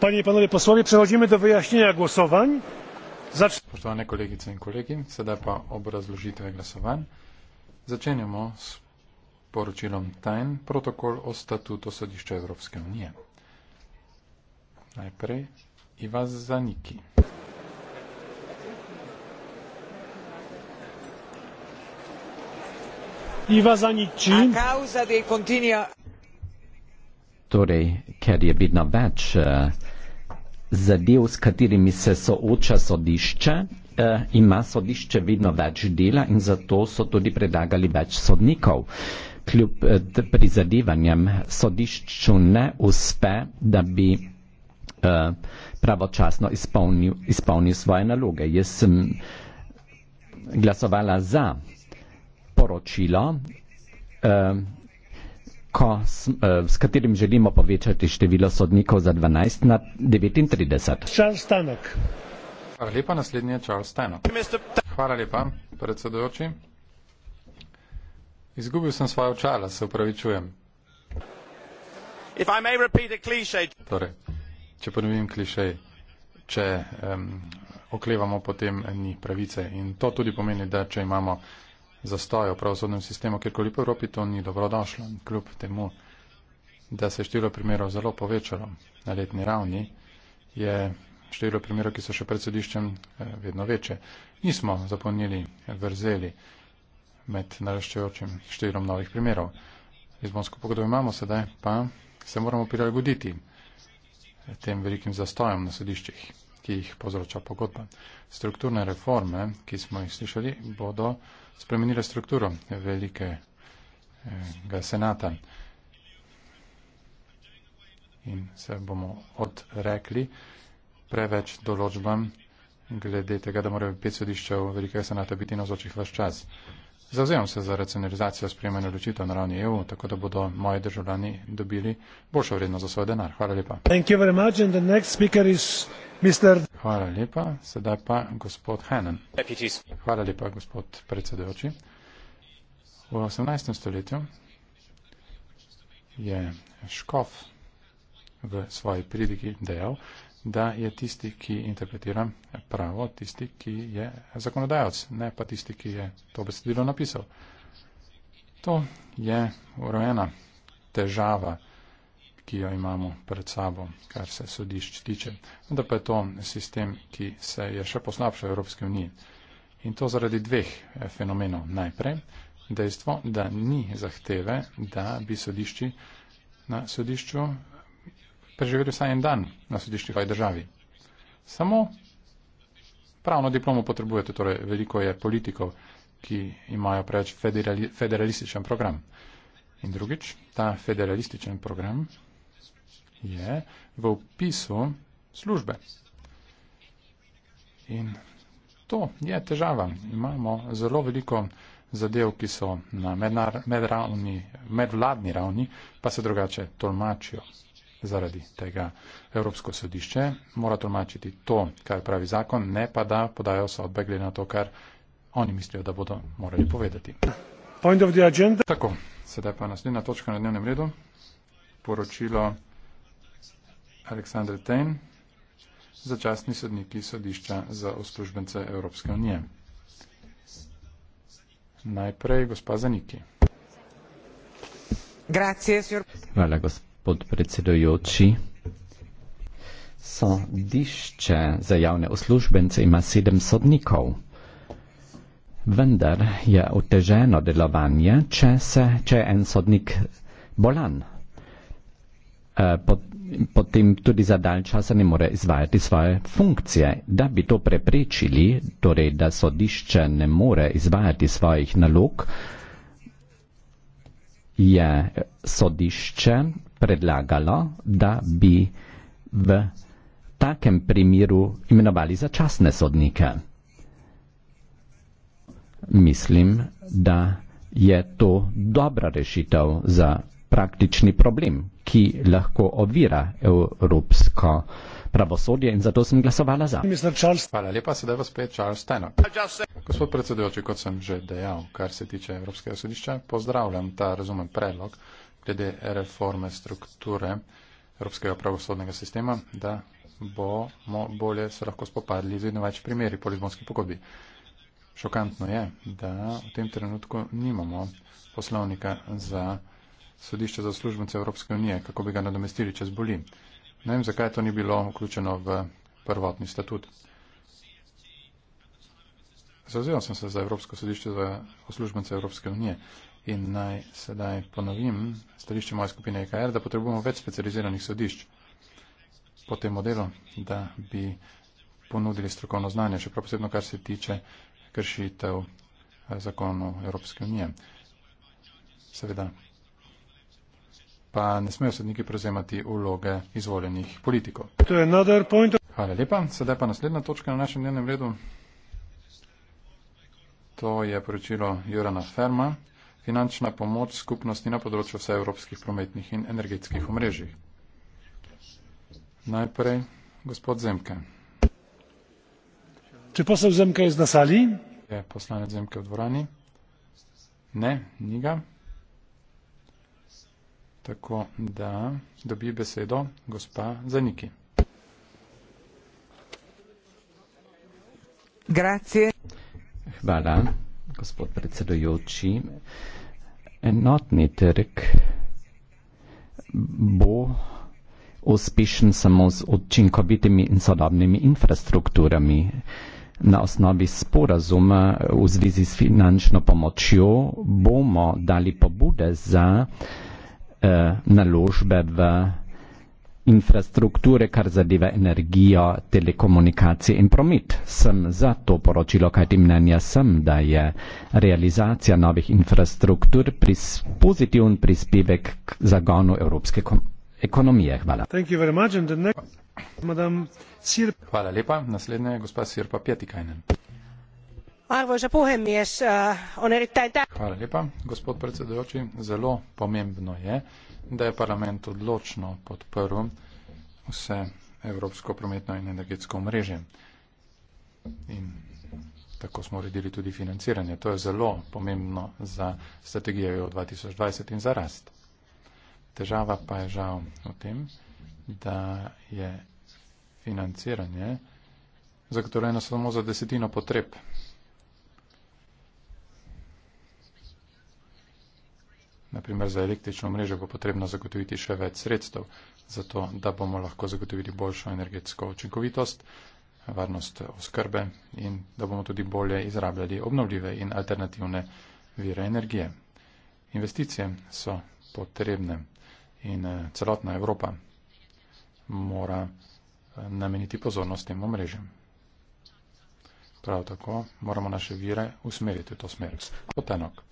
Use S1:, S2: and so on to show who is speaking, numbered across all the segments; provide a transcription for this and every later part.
S1: Panie i panowie posłowie, przechodzimy do wyjaśnienia głosowań. Zacz... Poštovane kolegice in kolegi, sedaj pa ob razložitve glasovanj. Začenjamo s poročilom Tajn, protokol o statutu sodišča Evropske unije. Najprej Iva Zaniki.
S2: Iva Zaniki.
S3: Torej, ker je bitna več. Uh, zadev, s katerimi se sooča sodišče, eh, ima sodišče vedno več dela in zato so tudi predlagali več sodnikov. Kljub eh, prizadevanjem sodišču ne uspe, da bi eh, pravočasno izpolnil, izpolnil svoje naloge. Jaz sem glasovala za poročilo ko, s, eh, s katerim želimo povečati število sodnikov za 12 na 39. Charles Stanek.
S1: Hvala lepa, naslednji je Charles Stanek. Hvala lepa, predsedujoči. Izgubil sem svoje očala, se upravičujem. Torej, če ponovim klišej, če um, oklevamo, potem ni pravice. In to tudi pomeni, da če imamo zastoja v pravosodnem sistemu, kjerkoli po Evropi to ni dobrodošlo. Kljub temu, da se je število primerov zelo povečalo na letni ravni, je število primerov, ki so še pred sodiščem, eh, vedno večje. Nismo zapolnili vrzeli med naraščajočim številom novih primerov. Izbonsko pogodbo imamo sedaj, pa se moramo prilagoditi eh, tem velikim zastojem na sodiščih, ki jih povzroča pogodba. Strukturne reforme, ki smo jih slišali, bodo spremenila strukturo velikega senata. In se bomo odrekli preveč določbam glede tega, da morajo pet sodišča velikega senata biti na vzočih vaš čas. Zavzemam se za racionalizacijo sprejemanja odločitev na ravni EU, tako da bodo moji državljani dobili boljšo vrednost za svoj denar. Hvala lepa. Hvala lepa. Sedaj pa gospod Hannan. Hvala lepa, gospod predsedujoči. V 18. stoletju je Škof v svoji pridigi dejal, da je tisti, ki interpretira pravo, tisti, ki je zakonodajalec, ne pa tisti, ki je to besedilo napisal. To je urojena težava, ki jo imamo pred sabo, kar se sodišč tiče. Vendar pa je to sistem, ki se je še poslabšal v Evropski uniji. In to zaradi dveh eh, fenomenov. Najprej dejstvo, da ni zahteve, da bi sodišči na sodišču preživeli vsaj en dan na sodišču v tej državi. Samo pravno diplomo potrebujete, torej veliko je politikov, ki imajo preveč federali, federalističen program. In drugič, ta federalističen program je v opisu službe. In to je težava. Imamo zelo veliko zadev, ki so na medravni, medvladni ravni, pa se drugače tolmačijo zaradi tega Evropsko sodišče mora tolmačiti to, kar pravi zakon, ne pa da podajo sodbe glede na to, kar oni mislijo, da bodo morali povedati. Tako, sedaj pa naslednja točka na dnevnem redu. Poročilo Aleksandre Tejn, začasni sodniki sodišča za uslužbence Evropske unije. Najprej gospa Zaniki.
S3: Grazie, signor... Hvala, gospod podpredsedujoči. Sodišče za javne uslužbence ima sedem sodnikov. Vendar je oteženo delovanje, če, se, če je en sodnik bolan. E, pot, potem tudi za dalj časa ne more izvajati svoje funkcije. Da bi to preprečili, torej da sodišče ne more izvajati svojih nalog, je sodišče predlagalo, da bi v takem primeru imenovali začasne sodnike. Mislim, da je to dobra rešitev za praktični problem, ki lahko ovira evropsko pravosodje in zato sem glasovala za.
S1: Hvala lepa, sedaj vas spet Charles Tenor. Gospod predsedujoči, kot sem že dejal, kar se tiče Evropskega sodišča, pozdravljam ta razumen predlog glede reforme strukture Evropskega pravosodnega sistema, da bomo bolje se lahko spopadli z vedno več primeri po Lizbonski pogodbi. Šokantno je, da v tem trenutku nimamo poslovnika za sodišče za službence Evropske unije, kako bi ga nadomestili, če zboli. Ne vem, zakaj to ni bilo vključeno v prvotni statut. Zazivam sem se za Evropsko sodišče za službence Evropske unije. In naj sedaj ponovim stališče moje skupine EKR, da potrebujemo več specializiranih sodišč po tem modelu, da bi ponudili strokovno znanje, še prav posebno, kar se tiče kršitev eh, zakonu Evropske unije. Seveda pa ne smejo sodniki prevzemati vloge izvoljenih politikov. Hvala lepa. Sedaj pa naslednja točka na našem dnevnem redu. To je poročilo Jurana Ferma finančna pomoč skupnosti na področju vseevropskih prometnih in energetskih omrežij. Najprej gospod Zemke. Če posel Zemke je znasali? Je poslanec Zemke v dvorani? Ne, ni ga. Tako da dobi besedo gospa Zaniki.
S3: Grazie. Hvala gospod predsedujoči. Enotni trg bo uspešen samo z učinkovitimi in sodobnimi infrastrukturami. Na osnovi sporazuma v zvezi s finančno pomočjo bomo dali pobude za eh, naložbe v infrastrukture, kar zadeva energijo, telekomunikacije in promet. Sem za to poročilo, kajti mnenja sem, da je realizacija novih infrastruktur pris pozitiven prispevek k zagonu evropske ekonomije. Hvala.
S1: Hvala lepa. Naslednja je gospa Sirpa Pjatikajnen
S2: arvoisa puhemies äh, on erittäin
S1: tärkeää zelo pomembno je da je parlament odločno podprl vse evropsko prometno in energetsko omrežje in tako smo uredili tudi financiranje. To je zelo pomembno za strategijo 2020 in za rast. Težava pa je žal v tem, da je financiranje zagotovljeno samo za desetino potreb Naprimer, za električno mrežo bo potrebno zagotoviti še več sredstev, zato da bomo lahko zagotovili boljšo energetsko učinkovitost, varnost oskrbe in da bomo tudi bolje izrabljali obnovljive in alternativne vire energije. Investicije so potrebne in eh, celotna Evropa mora eh, nameniti pozornost tem omrežjem. Prav tako moramo naše vire usmeriti v to smer. Potenok.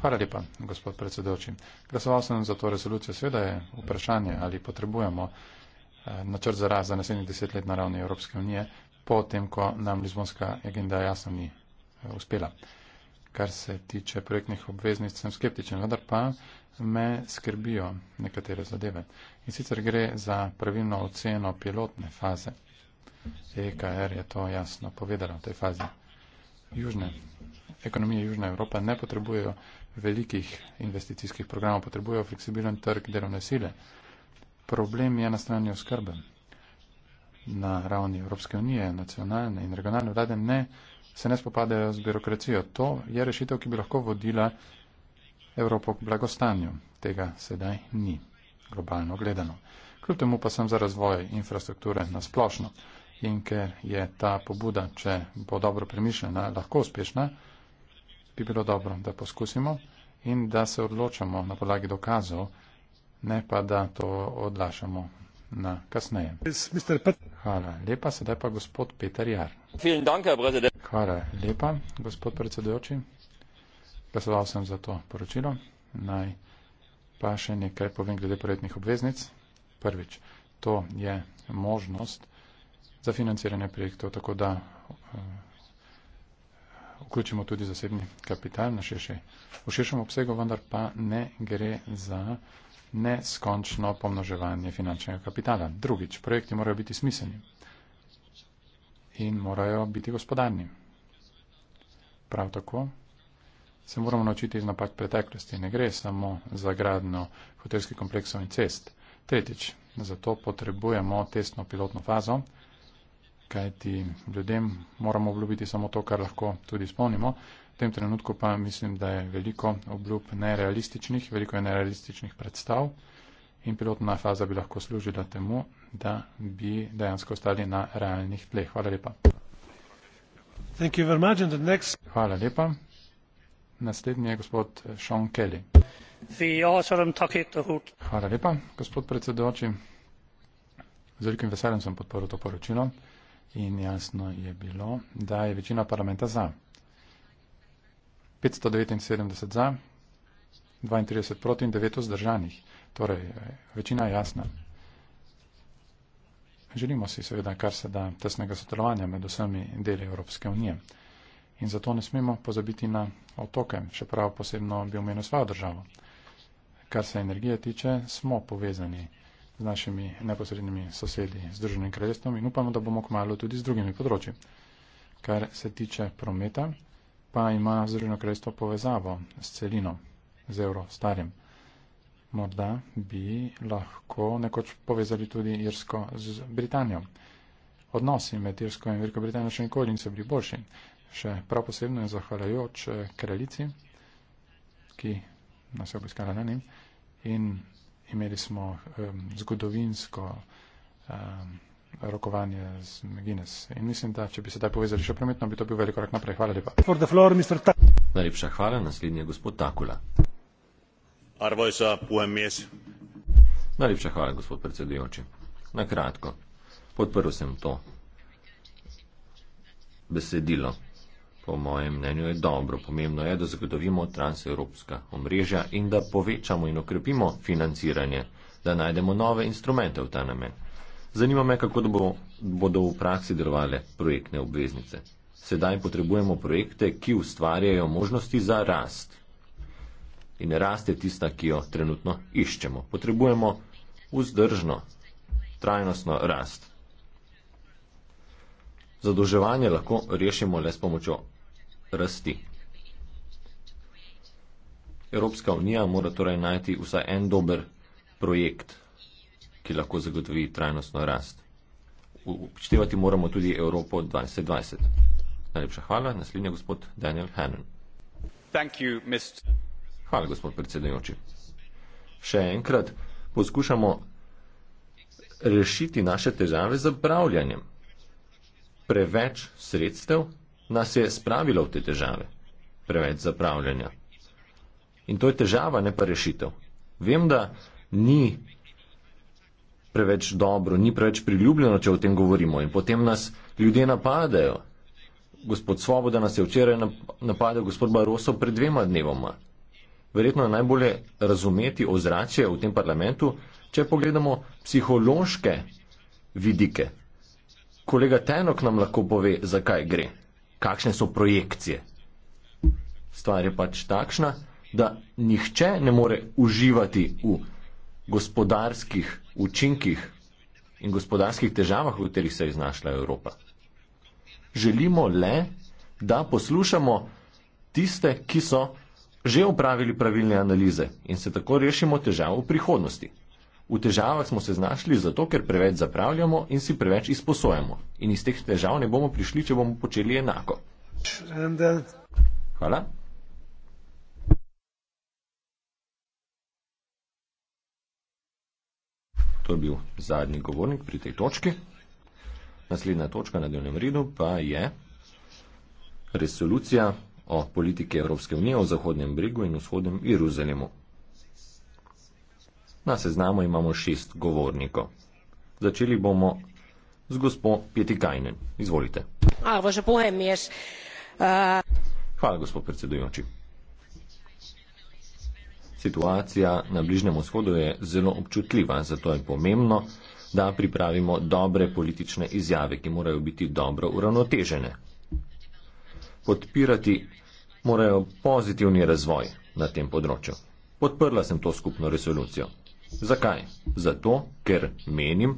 S1: Hvala lepa, gospod predsedoči. Glasoval sem za to rezolucijo. Sveda je vprašanje, ali potrebujemo eh, načrt za raz za naslednjih deset let na ravni Evropske unije, po tem, ko nam Lizbonska agenda jasno ni eh, uspela. Kar se tiče projektnih obveznic, sem skeptičen, vendar pa me skrbijo nekatere zadeve. In sicer gre za pravilno oceno pilotne faze. EKR je to jasno povedala v tej fazi. Južne, ekonomije Južne Evrope ne potrebujejo velikih investicijskih programov potrebujejo fleksibilen trg delovne sile. Problem je na strani oskrbe. Na ravni Evropske unije, nacionalne in regionalne vlade ne, se ne spopadajo z birokracijo. To je rešitev, ki bi lahko vodila Evropo k blagostanju. Tega sedaj ni, globalno gledano. Kljub temu pa sem za razvoj infrastrukture na splošno. In ker je ta pobuda, če bo dobro premišljena, lahko uspešna, bi bilo dobro, da poskusimo in da se odločamo na podlagi dokazov, ne pa da to odlašamo na kasneje. Hvala lepa, sedaj pa gospod Peter Jar. Hvala lepa, gospod predsedujoči. Glasoval sem za to poročilo. Naj pa še nekaj povem glede projektnih obveznic. Prvič, to je možnost za financiranje projektov, tako da eh, vključimo tudi zasebni kapital na širše, v širšem obsegu, vendar pa ne gre za neskončno pomnoževanje finančnega kapitala. Drugič, projekti morajo biti smiselni in morajo biti gospodarni. Prav tako se moramo naučiti iz napak preteklosti. Ne gre samo za gradno hotelskih kompleksov in cest. Tretjič, zato potrebujemo testno pilotno fazo kajti ljudem moramo obljubiti samo to, kar lahko tudi spomnimo. V tem trenutku pa mislim, da je veliko obljub nerealističnih, veliko je nerealističnih predstav in pilotna faza bi lahko služila temu, da bi dejansko ostali na realnih tleh. Hvala lepa. Next... Hvala lepa. Naslednji je gospod Sean Kelly. Hvala lepa, gospod predsedoči. Z velikim veseljem sem podporil to poročilo in jasno je bilo, da je večina parlamenta za. 579 za, 32 proti in 9 vzdržanih. Torej, večina je jasna. Želimo si seveda kar se da tesnega sodelovanja med vsemi deli Evropske unije. In zato ne smemo pozabiti na otoke, čeprav posebno bi omenil svojo državo. Kar se energije tiče, smo povezani z našimi neposrednimi sosedi, Združenim kraljestvom in upamo, da bomo kmalo tudi z drugimi področji. Kar se tiče prometa, pa ima Združeno kraljestvo povezavo s celino, z evro, starim. Morda bi lahko nekoč povezali tudi Irsko z Britanijo. Odnosi med Irsko in Veliko Britanijo še nikoli niso bili boljši. Še prav posebno je zahvaljujoč eh, kraljici, ki nas je obiskala na njim in imeli smo um, zgodovinsko um, rokovanje z Guinness. In mislim, da če bi se daj povezali še prometno, bi to bil velik korak naprej. Hvala lepa. Floor,
S2: Najlepša hvala, naslednji je gospod Takula. Arvojsa, UMS. Najlepša hvala, gospod predsedujoči. Na kratko, podprl sem to besedilo. Po mojem mnenju je dobro, pomembno je, da zagotovimo transevropska omrežja in da povečamo in okrepimo financiranje, da najdemo nove instrumente v ta namen. Zanima me, kako bo, bodo v praksi delovale projektne obveznice. Sedaj potrebujemo projekte, ki ustvarjajo možnosti za rast. In rast je tista, ki jo trenutno iščemo. Potrebujemo vzdržno, trajnostno rast. Zadolževanje lahko rešimo le s pomočjo rasti. Evropska unija mora torej najti vsaj en dober projekt, ki lahko zagotovi trajnostno rast. Upoštevati moramo tudi Evropo 2020. Najlepša hvala. Naslednji je gospod Daniel Hannon. You, Mr. Hvala, gospod predsedujoči. Še enkrat poskušamo rešiti naše težave z upravljanjem. Preveč sredstev nas je spravilo v te težave, preveč zapravljanja. In to je težava, ne pa rešitev. Vem, da ni preveč dobro, ni preveč priljubljeno, če o tem govorimo. In potem nas ljudje napadajo. Gospod Svoboda nas je včeraj napadel, gospod Baroso pred dvema dnevoma. Verjetno je najbolje razumeti ozračje v tem parlamentu, če pogledamo psihološke vidike. Kolega Tenok nam lahko pove, zakaj gre kakšne so projekcije. Stvar je pač takšna, da nihče ne more uživati v gospodarskih učinkih in gospodarskih težavah, v katerih se je znašla Evropa. Želimo le, da poslušamo tiste, ki so že upravili pravilne analize in se tako rešimo težav v prihodnosti. V težavah smo se znašli zato, ker preveč zapravljamo in si preveč izposojamo. In iz teh težav ne bomo prišli, če bomo počeli enako. Uh, Hvala. To je bil zadnji govornik pri tej točki. Naslednja točka na delnem redu pa je resolucija o politike Evropske unije o Zahodnem bregu in Vzhodnem Jeruzalemu. Na seznamu imamo šest govornikov. Začeli bomo z gospo Pietikajnen. Izvolite. Hvala, gospo predsedujoči. Situacija na Bližnjem vzhodu je zelo občutljiva, zato je pomembno, da pripravimo dobre politične izjave, ki morajo biti dobro uravnotežene. Podpirati morajo pozitivni razvoj na tem področju. Podprla sem to skupno resolucijo. Zakaj? Zato, ker menim,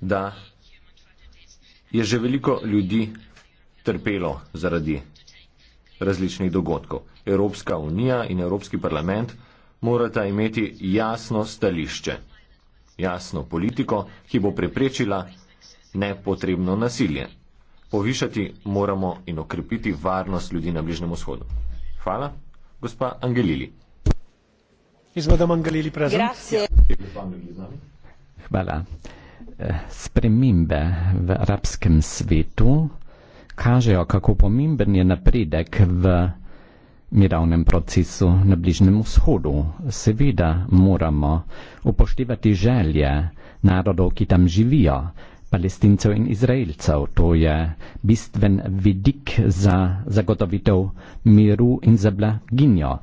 S2: da je že veliko ljudi trpelo zaradi različnih dogodkov. Evropska unija in Evropski parlament morata imeti jasno stališče, jasno politiko, ki bo preprečila nepotrebno nasilje. Povišati moramo in okrepiti varnost ljudi na Bližnjem vzhodu. Hvala, gospa Angelili. Ja.
S3: Eh, spremembe v arabskem svetu kažejo, kako pomemben je napredek v mirovnem procesu na Bližnem vzhodu. Seveda moramo upoštevati želje narodov, ki tam živijo, palestincev in izraelcev. To je bistven vidik za zagotovitev miru in za blaginjo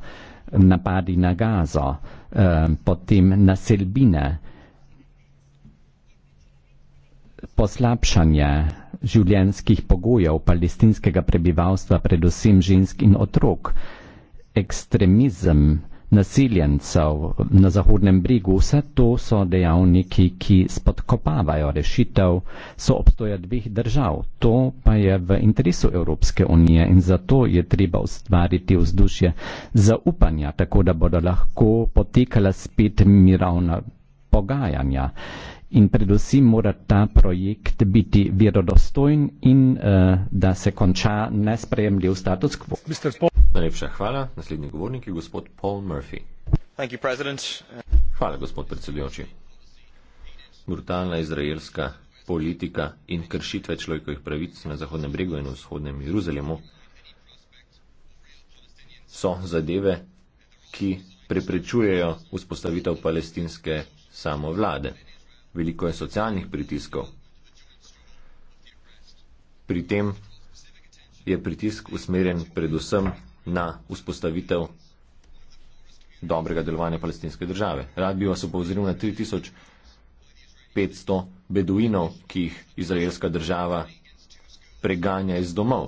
S3: napadi na Gazo, eh, potem naselbine, poslabšanje življenjskih pogojev palestinskega prebivalstva, predvsem žensk in otrok, ekstremizem, naseljencev na Zahodnem brigu, vse to so dejavniki, ki spodkopavajo rešitev so obstoja dveh držav. To pa je v interesu Evropske unije in zato je treba ustvariti vzdušje zaupanja, tako da bodo lahko potekala spet mirovna pogajanja. In predvsem mora ta projekt biti verodostojen in uh, da se konča nesprejemljiv status
S2: quo. Najlepša hvala. Naslednji govornik je gospod Paul Murphy. Hvala, gospod predsedujoči. Brutalna izraelska politika in kršitve človekovih pravic na Zahodnem bregu in v Vzhodnem Jeruzalemu so zadeve, ki preprečujejo vzpostavitev palestinske samovlade. Veliko je socialnih pritiskov. Pri tem je pritisk usmerjen predvsem na vzpostavitev dobrega delovanja palestinske države. Rad bi vas opozoril na 3500 beduinov, ki jih izraelska država preganja iz domov.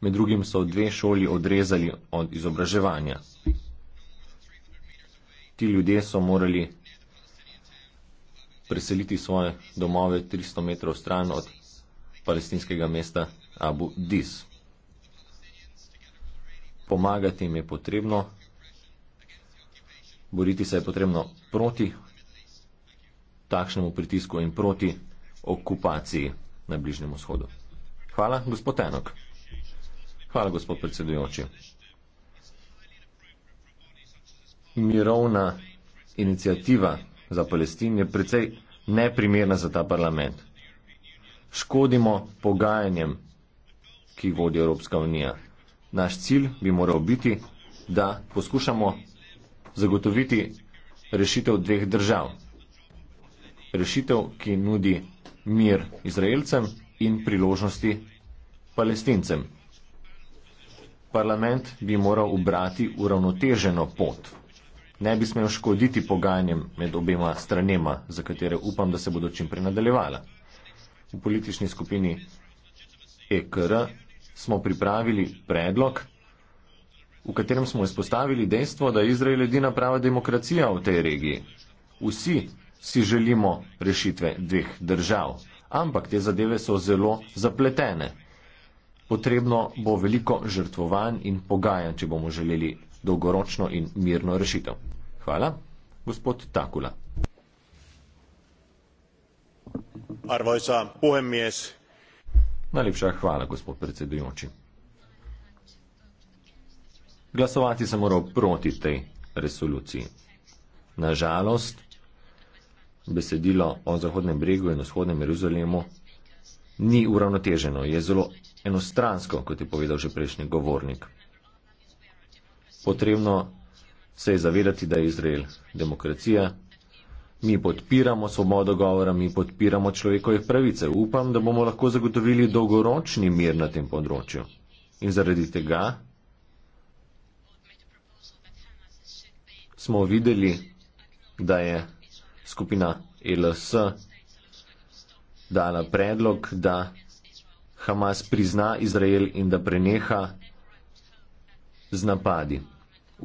S2: Med drugim so dve šoli odrezali od izobraževanja. Ti ljudje so morali preseliti svoje domove 300 metrov stran od palestinskega mesta Abu Dis pomagati jim je potrebno, boriti se je potrebno proti takšnemu pritisku in proti okupaciji na Bližnjem vzhodu. Hvala, gospod Enok. Hvala, gospod predsedujoči. Mirovna inicijativa za Palestin je precej neprimerna za ta parlament. Škodimo pogajanjem, ki jih vodi Evropska unija naš cilj bi moral biti, da poskušamo zagotoviti rešitev dveh držav. Rešitev, ki nudi mir Izraelcem in priložnosti palestincem. Parlament bi moral ubrati uravnoteženo pot. Ne bi smel škoditi pogajanjem med obema stranema, za katere upam, da se bodo čim prenadaljevala. V politični skupini EKR smo pripravili predlog, v katerem smo izpostavili dejstvo, da Izrael edina prava demokracija v tej regiji. Vsi si želimo rešitve dveh držav, ampak te zadeve so zelo zapletene. Potrebno bo veliko žrtvovanj in pogajanj, če bomo želeli dolgoročno in mirno rešitev. Hvala, gospod Takula. Arvoisa puhemies, Najlepša hvala, gospod predsedujoči. Glasovati sem moral proti tej resoluciji. Nažalost, besedilo o Zahodnem bregu in Vzhodnem Jeruzalemu ni uravnoteženo, je zelo enostransko, kot je povedal že prejšnji govornik. Potrebno se je zavedati, da je Izrael demokracija, Mi podpiramo svobodo govora, mi podpiramo človekove pravice. Upam, da bomo lahko zagotovili dolgoročni mir na tem področju. In zaradi tega smo videli, da je skupina LS dala predlog, da Hamas prizna Izrael in da preneha z napadi.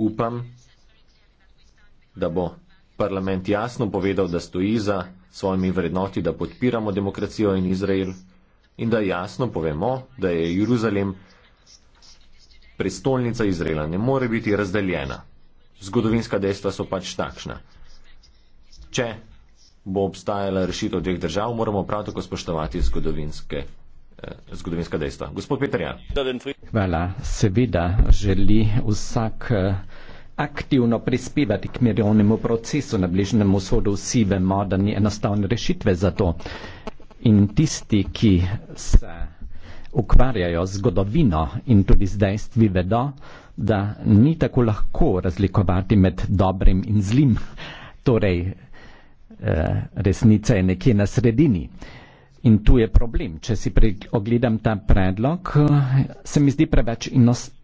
S2: Upam, da bo parlament jasno povedal, da stoji za svojimi vrednoti, da podpiramo demokracijo in Izrael in da jasno povemo, da je Jeruzalem prestolnica Izraela, ne more biti razdeljena. Zgodovinska dejstva so pač takšna. Če bo obstajala rešitev dveh držav, moramo prav tako spoštovati zgodovinske. Eh, zgodovinska dejstva. Gospod Petrjan.
S3: Hvala. Seveda želi vsak. Uh aktivno prispevati k mirovnemu procesu na bližnjem vzhodu, vsi vemo, da ni enostavne rešitve za to. In tisti, ki se ukvarjajo z zgodovino in tudi z dejstvi, vedo, da ni tako lahko razlikovati med dobrim in zlim. Torej, eh, resnica je nekje na sredini. In tu je problem. Če si ogledam ta predlog, eh, se mi zdi preveč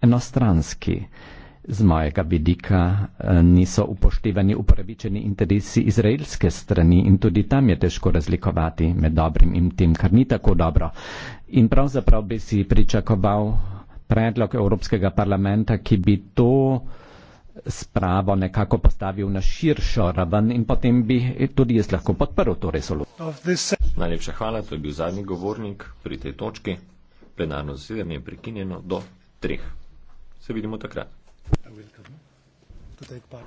S3: enostranski. Inos z mojega vidika eh, niso upoštevani upravičeni interesi izraelske strani in tudi tam je težko razlikovati med dobrim in tem, kar ni tako dobro. In pravzaprav bi si pričakoval predlog Evropskega parlamenta, ki bi to spravo nekako postavil na širšo raven in potem bi tudi jaz lahko podprl to resolucijo.
S2: Najlepša hvala, to je bil zadnji govornik pri tej točki. Plenarno zasedanje je prekinjeno do treh. Se vidimo takrat.
S1: I will come to take part.